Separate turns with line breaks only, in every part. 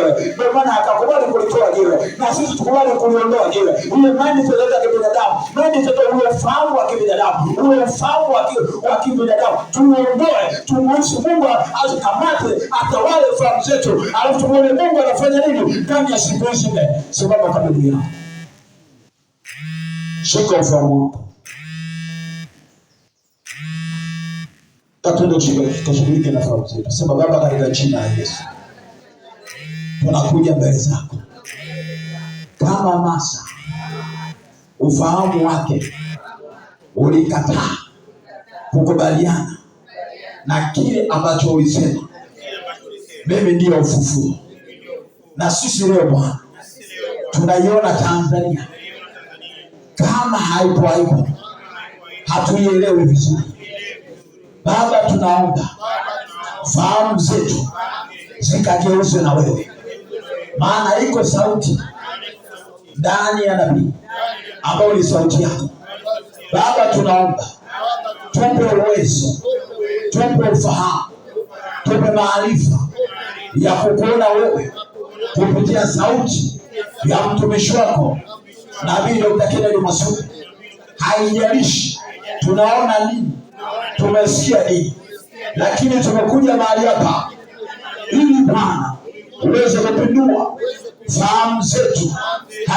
mwenyewe. Ndio maana akakubali kulitoa jiwe na sisi tukubali kuliondoa jiwe. Ile zote za kibinadamu, mali zote, ule fahamu wa kibinadamu, ule fahamu wa kibinadamu tuondoe, tumuhusu Mungu azikamate atawale fahamu zetu, alafu tumuone Mungu anafanya nini ndani ya siku hizi nne. Simama kwa Biblia, shika ufahamu wako tatundo kashughulike na fahamu Sema Baba, katika jina la Yesu tunakuja mbele zako kama Masa. Ufahamu wake ulikataa kukubaliana na kile ambacho ulisema, mimi ndiyo ufufuo. Na sisi leo Bwana tunaiona Tanzania kama haipo haipo, hatuielewi vizuri. Baba, tunaomba fahamu zetu zikageuzwe na wewe maana iko sauti ndani ya nabii ambayo ni sauti yako. Baba, tunaomba tupe uwezo, tupe ufahamu, tupe maarifa ya kukuona wewe kupitia sauti ya mtumishi wako Nabii Dr. Kennedy Masuku. Haijalishi tunaona nini, tumesikia nini, lakini tumekuja mahali hapa ili Bwana uweze kupindua fahamu zetu,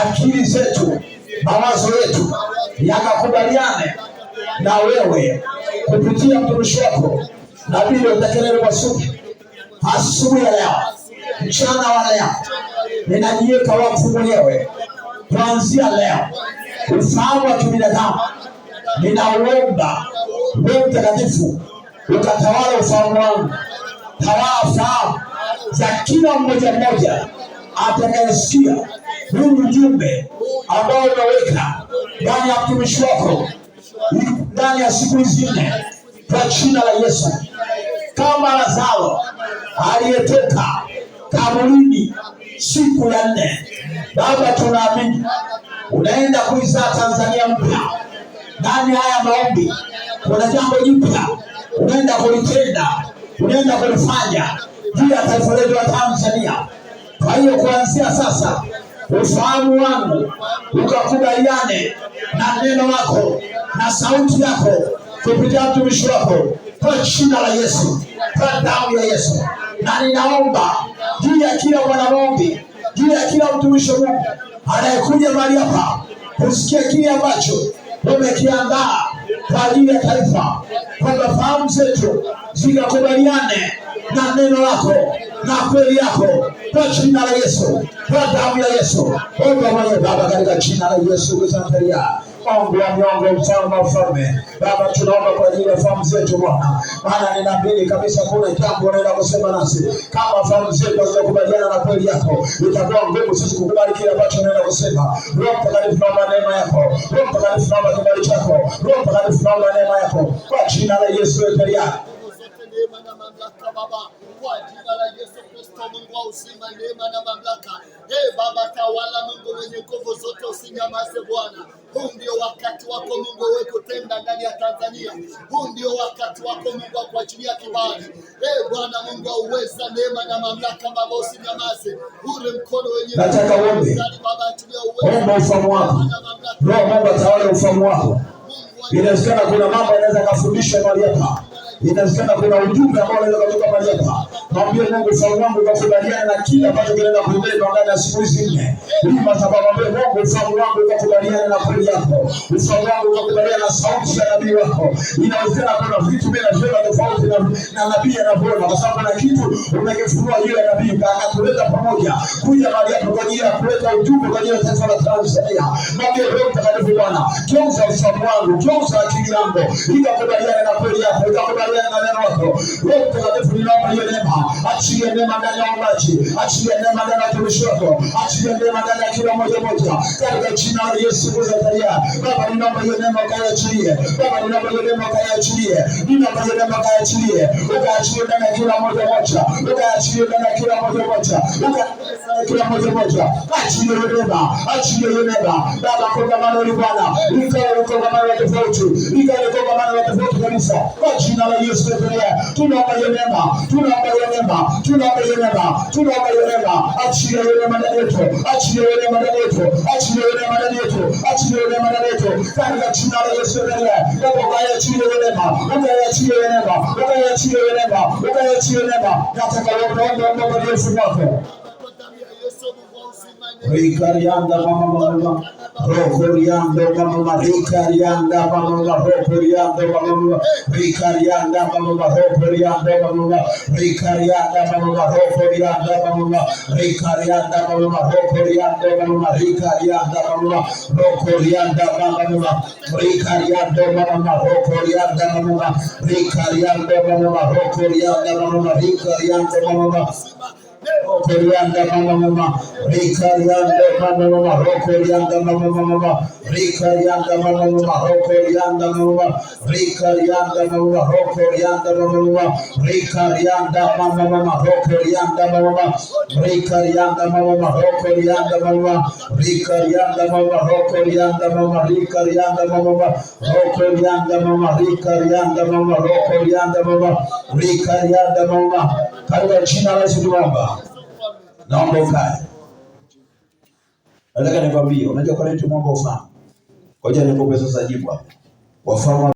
akili zetu, mawazo yetu yakakubaliane na wewe kupitia mtumishi wako na vile utekelele masuki asubuhi ya leo, mchana wa leo, ninajiweka wakfu mwenyewe kuanzia leo. Ufahamu wa kibinadamu ninaomba wewe Mtakatifu ukatawala ufahamu wangu, tawala fahamu za kila mmoja mmoja atakayesikia huu ujumbe ambao umeweka ndani ya mtumishi wako ndani ya siku hizi nne, kwa jina la Yesu, kama Lazaro aliyetoka kaburini siku ya nne, Baba, tunaamini unaenda kuizaa Tanzania mpya ndani haya maombi. Kuna jambo jipya unaenda kulitenda, unaenda kulifanya juu ya taifa letu la Tanzania. Kwa hiyo kuanzia sasa ufahamu wangu ukakubaliane na neno lako na sauti yako kupitia mtumishi wako, kwa jina la Yesu, kwa damu ya Yesu. Na ninaomba juu ya kila mwanamombi, juu ya kila mtumishi Mungu anayekuja mahali hapa kusikia kile ambacho umekiandaa kwa ajili ya taifa, kwamba fahamu zetu zikakubaliane na neno lako na kweli yako kwa jina la Yesu, kwa damu ya Yesu. Omba mwenye Baba, katika jina la Yesu kuzandalia Mungu wa miongo mfalme wa falme, Baba, tunaomba kwa ajili ya fahamu zetu Bwana, maana ninaamini kabisa kuna jambo unaenda kusema nasi. Kama fahamu zetu hazijakubaliana na kweli yako, itakuwa ngumu sisi kukubali kile ambacho unaenda kusema. Roho Mtakatifu, naomba neema yako. Roho Mtakatifu, naomba kibali chako. Roho Mtakatifu, naomba neema yako kwa jina la Yesu. Endelea neema na mamlaka Baba, kwa jina la Yesu Kristo, Mungu wa uzima, neema na mamlaka. Ee Baba, tawala Mungu mwenye nguvu zote, usinyamaze Bwana. Huu ndio wakati wako Mungu, wewe kutenda ndani ya Tanzania. Huu ndio wakati wako Mungu wa ya kibali. Ee Bwana Mungu wa uweza, neema na mamlaka Baba, usinyamaze. Ule mkono wenye nataka omba ufahamu wako, Roho Mungu atawale ufahamu wako. Inawezekana kuna mambo yanaweza kafundishwa mahali hapa inasema kuna ujumbe ambao unaweza kutoka mahali hapa Mwambie Mungu ufaulu wangu ukakubaliana na kile ambacho kinaenda kubeba ndani ya siku hizi nne. Lima sababu Mungu ufaulu wangu ukakubaliana na kweli yako. Ufaulu wangu ukakubaliana na sauti ya nabii wako. Inawezekana kuna vitu bila vyema tofauti na na nabii anavyoona kwa sababu na kitu umekifunua yule nabii akatuleta pamoja. Kuja mahali hapo kwa ajili ya kuleta ujumbe kwa ajili ya taifa la Tanzania. Mwambie Roho Mtakatifu Bwana, kionza ufaulu wangu, kionza akili yangu. Ikakubaliana na kweli yako, ikakubaliana na neno lako. Roho Mtakatifu ninaomba hiyo neema achilie neema ndani ya uumbaji, achilie neema ndani ya watumishi wako, achilie neema ndani ya kila mmoja mmoja, katika jina la Yesu Nazarea. Baba, ninaomba hiyo neema ukaiachilie. Baba, ninaomba hiyo neema ukaiachilie, ninaomba hiyo neema ukaiachilie, ukaachilie ndani ya kila mmoja mmoja, ukaachilie ndani ya kila mmoja mmoja, kila mmoja mmoja, achilie hiyo neema, achilie hiyo neema. Baba, kongamano hili Bwana, likawe kongamano la tofauti, likawe kongamano la tofauti kabisa, kwa jina la Yesu Nazarea tunaomba hiyo neema, tunaomba neema, tunaomba neema, tunaomba neema, achilia neema ndani yetu, achilia neema ndani yetu, achilia neema ndani yetu, achilia neema ndani yetu, katika jina la Yesu ndani hapo, kaya achilia neema, ukaya achilia neema, ukaya achilia neema, ukaya achilia neema, nataka uombe omba kwa Yesu wako Rikarianda mama mama Rokoriando mama Rikarianda mama mama Rikarianda mama mama Rikarianda mama mama Rikarianda mama mama Rikarianda mama Rokorianda mama mama Rokorianda mama mama Rokorianda mama mama Korianda mama mama, Rikarianda mama mama, Rokorianda mama mama, Rikarianda mama mama, Rokorianda mama, Rikarianda mama, Rokorianda mama, Rikarianda mama mama, Rokorianda mama, Rikarianda mama, Rokorianda mama, Rikarianda mama, Rokorianda mama, Rikarianda mama, Rokorianda mama, Rikarianda mama, Rokorianda mama, Rikarianda mama, mama, mama mama, mama mama, mama mama, mama mama, mama mama, mama mama, katika jina la mama, tunaomba. naomba ukae. Nataka nikwambie, unajua kwa nini mwanga ufahamu? Ngoja nikupe sasa jibu hapo. Wafahamu